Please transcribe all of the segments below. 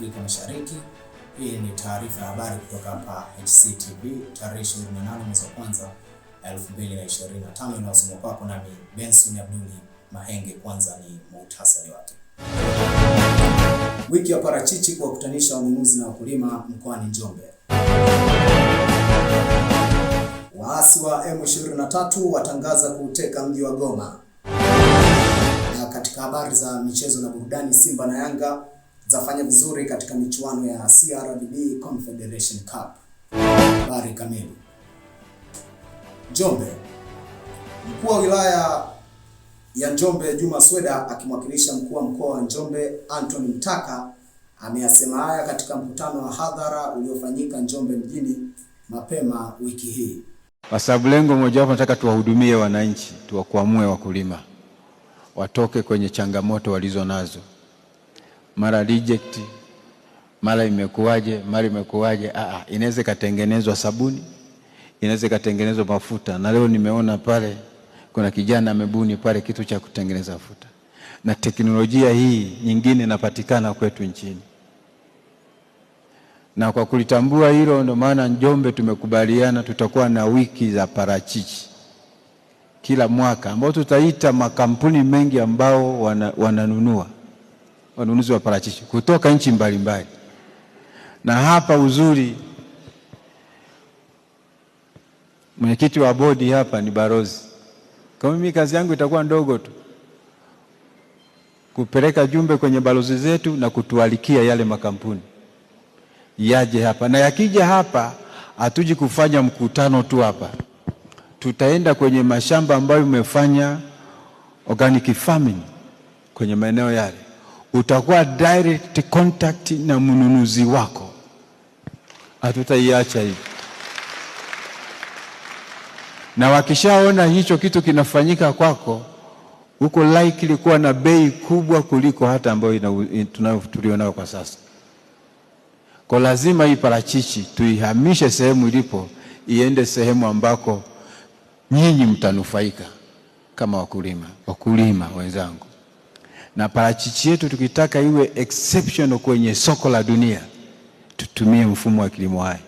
Afrika Mashariki. Hii ni taarifa ya habari kutoka hapa HCTV tarehe 28 mwezi wa kwanza 2025, inayosoma kwako nami Benson Abduli Mahenge. Kwanza ni muhtasari wake. Wiki ya parachichi kuwakutanisha wanunuzi na wakulima mkoani Njombe. Waasi wa M23 watangaza kuuteka mji wa Goma. Na katika habari za michezo na burudani, Simba na Yanga zafanya vizuri katika michuano ya CRDB Confederation Cup. Habari kamili. Njombe. Mkuu wa wilaya ya Njombe Juma Sweda akimwakilisha mkuu wa mkoa wa Njombe Anthony Mtaka ameyasema haya katika mkutano wa hadhara uliofanyika Njombe mjini mapema wiki hii. Kwa sababu lengo mojawapo, nataka tuwahudumie wananchi, tuwakwamue wakulima watoke kwenye changamoto walizo nazo mara reject, mara imekuwaje, mara imekuwaje. Ah, ah, inaweza ikatengenezwa sabuni, inaweza ikatengenezwa mafuta. Na leo nimeona pale kuna kijana amebuni pale kitu cha kutengeneza mafuta, na teknolojia hii nyingine inapatikana kwetu nchini na kwa kulitambua hilo, ndio maana Njombe tumekubaliana tutakuwa na wiki za parachichi kila mwaka, ambao tutaita makampuni mengi ambao wananunua wanunuzi wa parachichi kutoka nchi mbalimbali mbali. Na hapa uzuri, mwenyekiti wa bodi hapa ni barozi. Kwa mimi kazi yangu itakuwa ndogo tu kupeleka jumbe kwenye balozi zetu na kutualikia yale makampuni yaje hapa, na yakija hapa hatuji kufanya mkutano tu hapa, tutaenda kwenye mashamba ambayo umefanya organic farming kwenye maeneo yale utakuwa direct contact na mnunuzi wako. Hatutaiacha hivi, na wakishaona hicho kitu kinafanyika kwako, huko likely kuwa na bei kubwa kuliko hata ambayo tulionayo kwa sasa. Kwa lazima hii parachichi tuihamishe sehemu ilipo, iende sehemu ambako nyinyi mtanufaika kama wakulima. Wakulima wenzangu na parachichi yetu tukitaka iwe exceptional kwenye soko la dunia tutumie mfumo wa kilimo hai.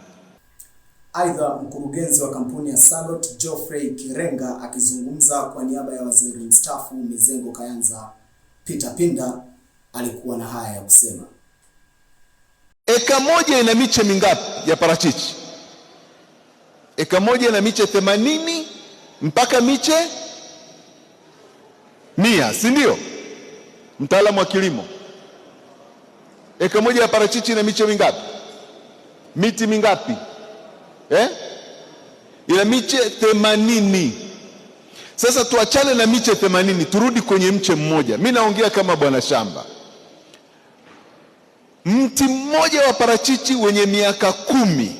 Aidha, mkurugenzi wa kampuni ya Salot Geoffrey Kirenga akizungumza kwa niaba ya waziri mstaafu Mizengo Kayanza Peter Pinda alikuwa na haya ya kusema. Eka moja ina miche mingapi ya parachichi? Eka moja ina miche themanini mpaka miche mia, si ndio? mtaalamu wa kilimo, eka moja ya parachichi ina miche mingapi? Miti mingapi eh? Ina miche themanini. Sasa tuachane na miche themanini, turudi kwenye mche mmoja. Mi naongea kama bwana shamba. Mti mmoja wa parachichi wenye miaka kumi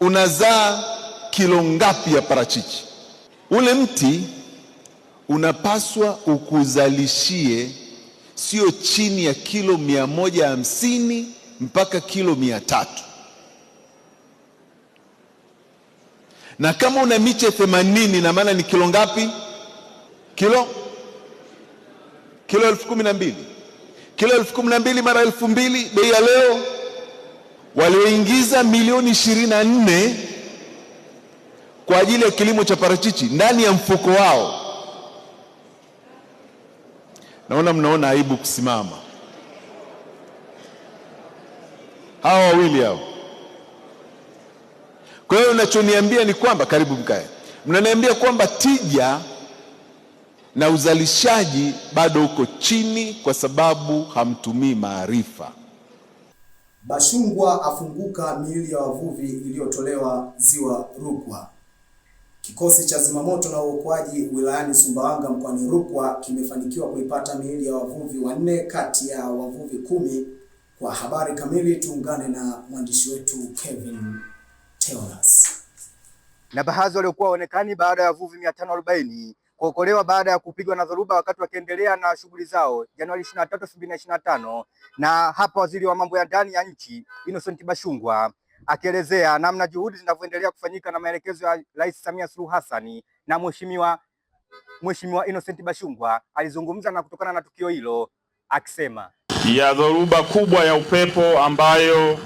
unazaa kilo ngapi ya parachichi? Ule mti unapaswa ukuzalishie sio chini ya kilo 150 moja hamsini mpaka kilo mia tatu na kama una miche 80 na maana ni kilo ngapi? Kilo kilo elfu kumi na mbili kilo elfu kumi na mbili mara elfu mbili bei ya leo, walioingiza milioni ishirini na nne kwa ajili ya kilimo cha parachichi ndani ya mfuko wao naona mnaona aibu kusimama. Hawa wawili hao. Kwa hiyo unachoniambia ni kwamba, karibu mkae, mnaniambia kwamba tija na uzalishaji bado uko chini kwa sababu hamtumii maarifa. Bashungwa afunguka miili ya wavuvi iliyotolewa ziwa Rukwa. Kikosi cha zimamoto na uokoaji wilayani Sumbawanga mkoani Rukwa kimefanikiwa kuipata miili ya wavuvi wanne kati ya wavuvi kumi. Kwa habari kamili tuungane na mwandishi wetu Kevin Teonas. Na baadhi waliokuwa waonekani baada ya wavuvi 540 kuokolewa baada ya kupigwa na dhoruba wakati wakiendelea na shughuli zao Januari 23, 2025 na hapa waziri wa mambo ya ndani ya nchi Innocent Bashungwa akielezea namna juhudi zinavyoendelea kufanyika na maelekezo ya Rais Samia Suluhu Hassan na mheshimiwa Mheshimiwa Innocent Bashungwa alizungumza na kutokana na tukio hilo akisema ya dhoruba kubwa ya upepo ambayo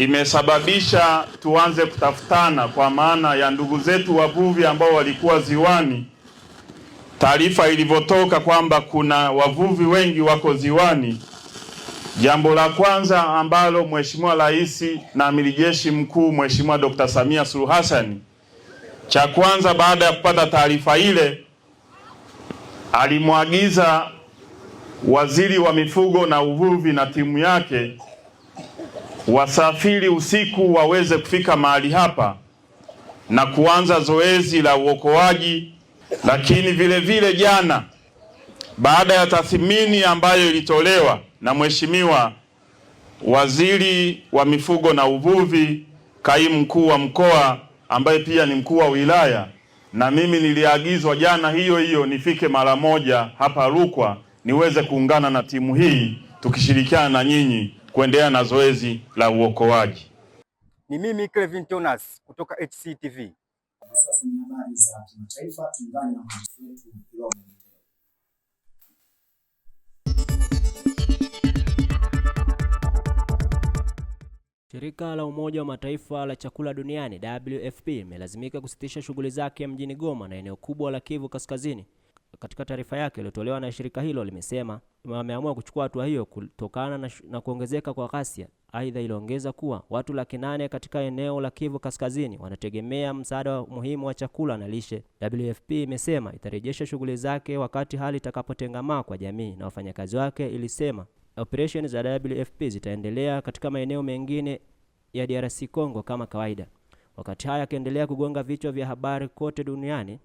imesababisha tuanze kutafutana kwa maana ya ndugu zetu wavuvi ambao walikuwa ziwani. Taarifa ilivyotoka kwamba kuna wavuvi wengi wako ziwani, Jambo la kwanza ambalo Mheshimiwa Rais na Amiri Jeshi Mkuu Mheshimiwa Dr. Samia Suluhu Hassan, cha kwanza baada ya kupata taarifa ile, alimwagiza Waziri wa Mifugo na Uvuvi na timu yake wasafiri usiku waweze kufika mahali hapa na kuanza zoezi la uokoaji, lakini vile vile jana baada ya tathmini ambayo ilitolewa na Mheshimiwa Waziri wa Mifugo na Uvuvi, kaimu mkuu wa mkoa ambaye pia ni mkuu wa wilaya, na mimi niliagizwa jana hiyo hiyo nifike mara moja hapa Rukwa niweze kuungana na timu hii tukishirikiana na nyinyi kuendelea na zoezi la uokoaji. Ni mimi Clevin Tonas kutoka HCTV. Sasa ni habari za kimataifa, tuungane na mwandishi wetu Shirika la Umoja wa Mataifa la chakula duniani WFP imelazimika kusitisha shughuli zake mjini Goma na eneo kubwa la Kivu Kaskazini. Katika taarifa yake iliyotolewa na shirika hilo limesema wameamua kuchukua hatua hiyo kutokana na, na kuongezeka kwa ghasia. Aidha, iliongeza kuwa watu laki nane katika eneo la Kivu Kaskazini wanategemea msaada muhimu wa chakula na lishe. WFP imesema itarejesha shughuli zake wakati hali itakapotengamaa kwa jamii na wafanyakazi wake, ilisema operesheni za WFP zitaendelea katika maeneo mengine ya DRC Congo kama kawaida. Wakati haya akiendelea kugonga vichwa vya habari kote duniani,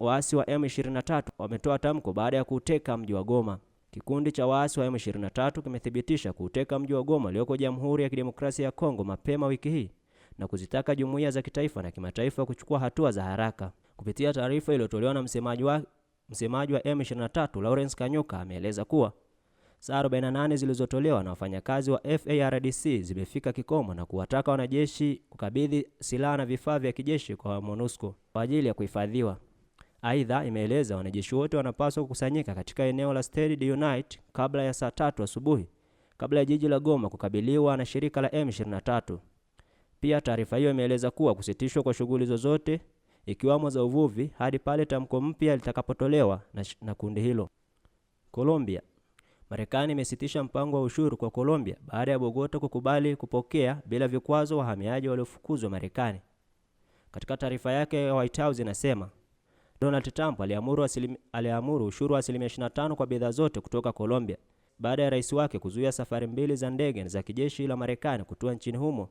waasi wa M23 wametoa tamko baada ya kuuteka mji wa Goma. Kikundi cha waasi wa M23 kimethibitisha kuuteka mji wa Goma ulioko Jamhuri ya Kidemokrasia ya Kongo mapema wiki hii na kuzitaka jumuiya za kitaifa na kimataifa kuchukua hatua za haraka. Kupitia taarifa iliyotolewa na msemaji wa msemaji wa M23 Lawrence Kanyuka ameeleza kuwa saa 48 zilizotolewa na wafanyakazi wa FARDC zimefika kikomo na kuwataka wanajeshi kukabidhi silaha na vifaa vya kijeshi kwa MONUSCO kwa ajili ya kuhifadhiwa. Aidha, imeeleza wanajeshi wote wanapaswa kukusanyika katika eneo la Stade Unite kabla ya saa tatu asubuhi kabla ya jiji la Goma kukabiliwa na shirika la M23. Pia taarifa hiyo imeeleza kuwa kusitishwa kwa shughuli zozote ikiwamo za uvuvi hadi pale tamko mpya litakapotolewa na, na kundi hilo. Colombia Marekani imesitisha mpango wa ushuru kwa Colombia baada ya Bogota kukubali kupokea bila vikwazo wahamiaji waliofukuzwa Marekani. Katika taarifa yake, White House inasema Donald Trump aliamuru, aliamuru ushuru wa asilimia 25 kwa bidhaa zote kutoka Colombia baada ya rais wake kuzuia safari mbili za ndege za kijeshi la Marekani kutua nchini humo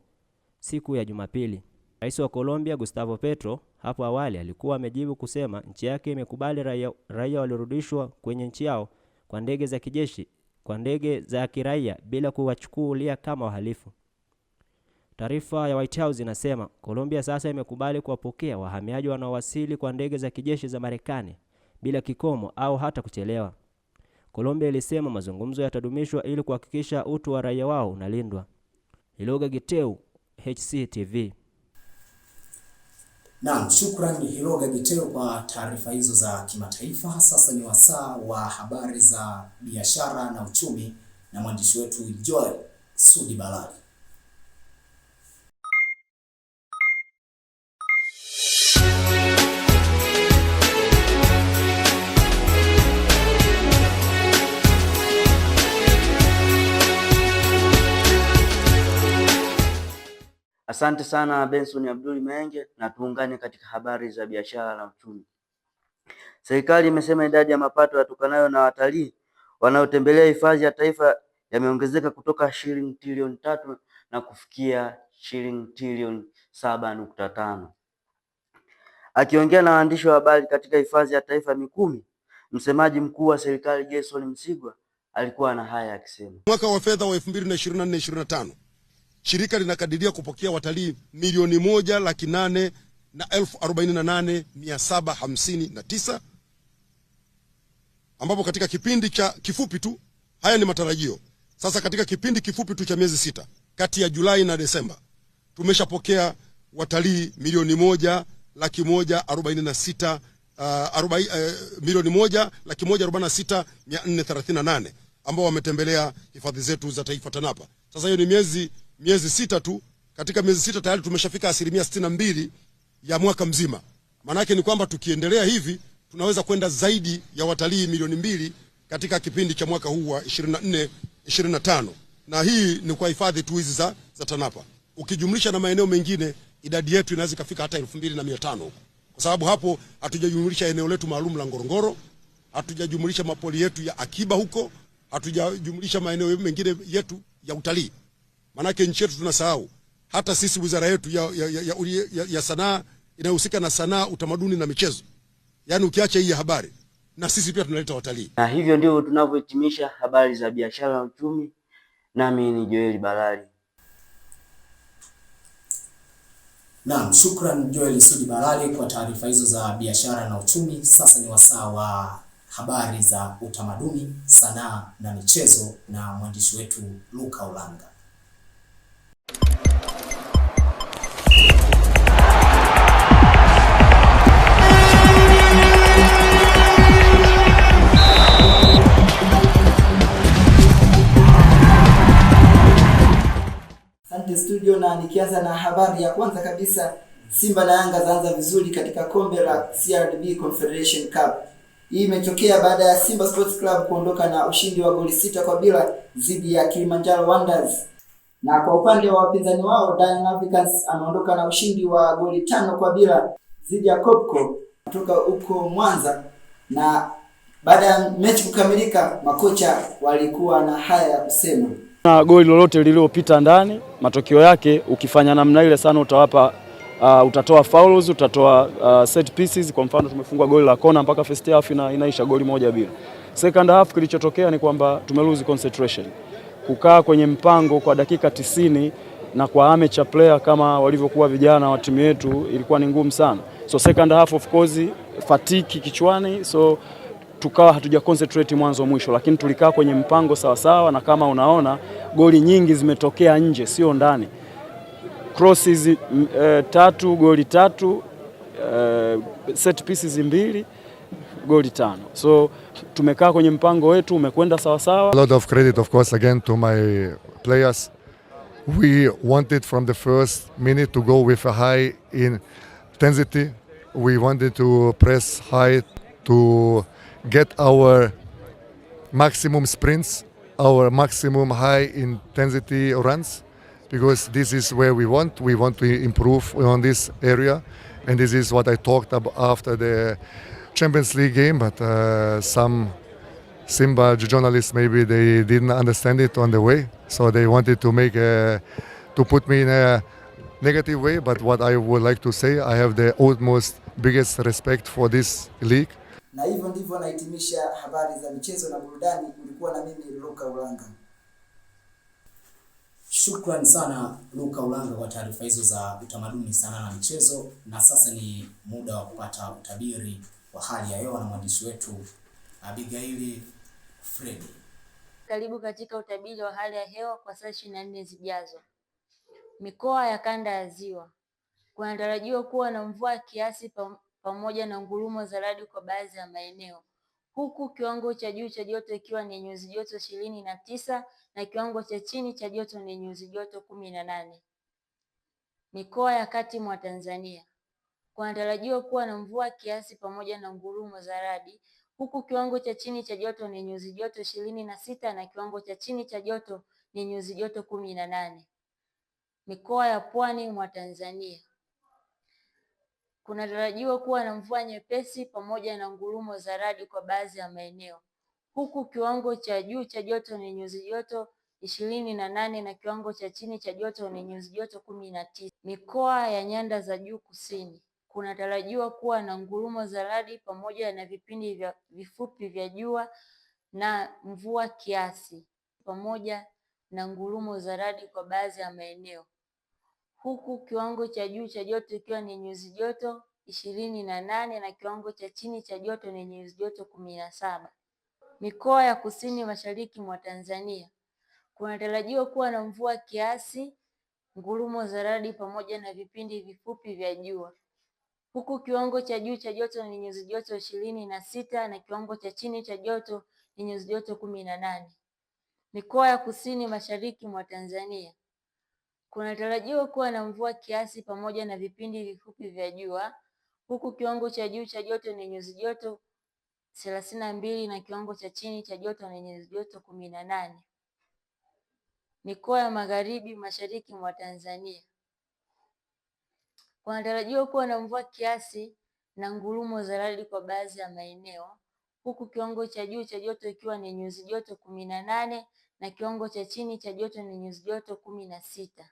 siku ya Jumapili. Rais wa Colombia Gustavo Petro hapo awali alikuwa amejibu kusema nchi yake imekubali raia, raia waliorudishwa kwenye nchi yao kwa ndege za kijeshi, kwa ndege za kiraia bila kuwachukulia kama wahalifu. Taarifa ya White House inasema Colombia sasa imekubali kuwapokea wahamiaji wanaowasili kwa ndege za kijeshi za Marekani bila kikomo au hata kuchelewa. Colombia ilisema mazungumzo yatadumishwa ili kuhakikisha utu wa raia wao unalindwa. Iloga Giteu, HCTV. Naam, shukrani Hiroga Giteo kwa taarifa hizo za kimataifa. Sasa ni wasaa wa habari za biashara na uchumi na mwandishi wetu Joel Sudi Balali. Asante sana Benson Abdul Menge, na tuungane katika habari za biashara na uchumi. Serikali imesema idadi ya mapato yatokanayo na watalii wanaotembelea hifadhi ya taifa yameongezeka kutoka shilingi trilioni tatu na kufikia shilingi trilioni saba nukta tano. Akiongea na waandishi wa habari katika hifadhi ya taifa Mikumi, msemaji mkuu wa serikali Gerson Msigwa alikuwa na haya akisema mwaka wa fedha wa 2024 tano Shirika linakadiria kupokea watalii milioni moja laki nane na elfu arobaini na nane mia saba hamsini na tisa ambapo katika kipindi cha kifupi tu, haya ni matarajio. Sasa katika kipindi kifupi tu cha miezi sita kati ya Julai na Desemba tumeshapokea watalii milioni moja laki moja arobaini na sita uh, arobaini, uh, milioni moja laki moja arobaini na sita mia nne thelathini na nane ambao wametembelea hifadhi zetu za taifa TANAPA. Sasa hiyo ni miezi miezi sita tu, katika miezi sita tayari tumeshafika asilimia sitini na mbili ya mwaka mzima. Maanake ni kwamba tukiendelea hivi tunaweza kwenda zaidi ya watalii milioni mbili katika kipindi cha mwaka huu wa 24 25, na hii ni kwa hifadhi tu hizi za, za TANAPA. Ukijumlisha na maeneo mengine idadi yetu inaweza ikafika hata 2500 kwa sababu hapo hatujajumlisha eneo letu maalum la Ngorongoro, hatujajumlisha mapoli yetu ya akiba huko, hatujajumlisha maeneo mengine yetu ya utalii. Maanake nchi yetu tunasahau, hata sisi wizara yetu ya, ya, ya, ya, ya, ya sanaa inayohusika na sanaa, utamaduni na michezo, yaani ukiacha hii habari na sisi pia tunaleta watalii. Na hivyo ndivyo tunavyohitimisha habari za biashara na uchumi, nami ni Joel Balali. Naam, shukran Joel Sudi Balali kwa taarifa hizo za biashara na uchumi. Sasa ni wasaa wa habari za utamaduni, sanaa na michezo na mwandishi wetu Luka Ulanga. studio, na nikianza na habari ya kwanza kabisa, Simba na Yanga zaanza vizuri katika kombe la CRDB Confederation Cup. Hii imetokea baada ya Simba Sports Club kuondoka na ushindi wa goli sita kwa bila dhidi ya Kilimanjaro Wonders, na kwa upande wa wapinzani wao Young Africans ameondoka na ushindi wa goli tano kwa bila dhidi ya Kopko kutoka huko Mwanza na baada ya mechi kukamilika, makocha walikuwa na haya ya kusema. Na goli lolote lililopita ndani, matokeo yake ukifanya namna ile sana utawapa uh, utatoa fouls, utatoa uh, set pieces. Kwa mfano tumefungwa goli la kona mpaka first half ina, inaisha goli moja bila. Second half kilichotokea ni kwamba tumeluzi concentration, kukaa kwenye mpango kwa dakika tisini na kwa amateur player kama walivyokuwa vijana wa timu yetu ilikuwa ni ngumu sana, so second half of course fatiki kichwani so tukawa hatuja concentrate mwanzo mwisho, lakini tulikaa kwenye mpango sawasawa, na kama unaona goli nyingi zimetokea nje, sio ndani. Crosses uh, tatu goli tatu, uh, set pieces mbili goli tano. So tumekaa kwenye mpango wetu umekwenda sawasawa. A lot of credit of course again to my players we wanted from the first minute to go with a high intensity we wanted to press high to get our maximum sprints, our maximum high intensity runs, because this is where we want. We want to improve on this area, and this is what I talked about after the Champions League game. But uh, some Simba journalists maybe they didn't understand it on the way, so they wanted to make a, to put me in a negative way. But what I would like to say, I have the utmost biggest respect for this league na hivyo ndivyo nahitimisha habari za michezo na burudani. Ulikuwa na mimi Luka Ulanga. Shukran sana Luka Ulanga kwa taarifa hizo za utamaduni, sanaa na michezo. Na sasa ni muda wa kupata utabiri wa hali ya hewa na mwandishi wetu Abigaili Fredi. Karibu katika utabiri wa hali ya hewa kwa saa ishirini na nne zijazo. Mikoa ya kanda ya Ziwa kunatarajiwa kuwa na mvua kiasi pamoja na ngurumo za radi kwa baadhi ya maeneo, huku kiwango cha juu cha joto ikiwa ni nyuzi joto ishirini na tisa na kiwango cha chini cha joto ni nyuzi joto kumi na nane. Mikoa ya kati mwa Tanzania kunatarajiwa kuwa na mvua kiasi pamoja na ngurumo za radi, huku kiwango cha chini cha joto ni nyuzi joto ishirini na sita na kiwango cha chini cha joto ni nyuzi joto kumi na nane. Mikoa ya pwani mwa Tanzania Kunatarajiwa kuwa na mvua nyepesi pamoja na ngurumo za radi kwa baadhi ya maeneo, huku kiwango cha juu cha joto ni nyuzi joto ishirini na nane na kiwango cha chini cha joto ni nyuzi joto kumi na tisa. Mikoa ya nyanda za juu kusini kunatarajiwa kuwa na ngurumo za radi pamoja na vipindi vya vifupi vya jua na mvua kiasi pamoja na ngurumo za radi kwa baadhi ya maeneo huku kiwango cha juu cha joto ikiwa ni nyuzi joto ishirini na nane na kiwango cha chini cha joto ni nyuzi joto kumi na saba. Mikoa ya kusini mashariki mwa Tanzania kunatarajiwa kuwa na mvua kiasi, ngurumo za radi pamoja na vipindi vifupi vya jua, huku kiwango cha juu cha joto ni nyuzi joto ishirini na sita na kiwango cha chini cha joto ni nyuzi joto kumi na nane. Mikoa ya kusini mashariki mwa Tanzania Kunatarajiwa kuwa na mvua kiasi pamoja na vipindi vifupi vya jua huku kiwango cha juu cha joto ni nyuzi joto thelathini na mbili na kiwango cha chini cha joto ni nyuzi joto kumi na nane. Mikoa ya magharibi mashariki mwa Tanzania kunatarajiwa kuwa na mvua kiasi na ngurumo za radi kwa baadhi ya maeneo huku kiwango cha juu cha joto ikiwa ni nyuzi joto kumi na nane na kiwango cha chini cha joto ni nyuzi joto kumi na sita.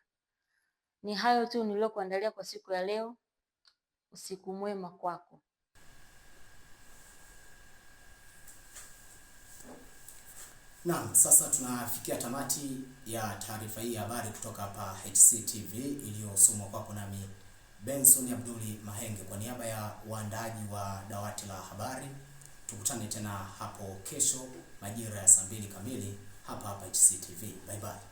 Ni hayo tu niliyokuandalia kwa siku ya leo. Usiku mwema kwako. Naam, sasa tunafikia tamati ya taarifa hii ya habari kutoka hapa HCTV iliyosomwa kwako nami Benson Abduli Mahenge kwa niaba ya waandaji wa dawati la habari. Tukutane tena hapo kesho majira ya saa mbili kamili hapa hapa HCTV. Bye bye.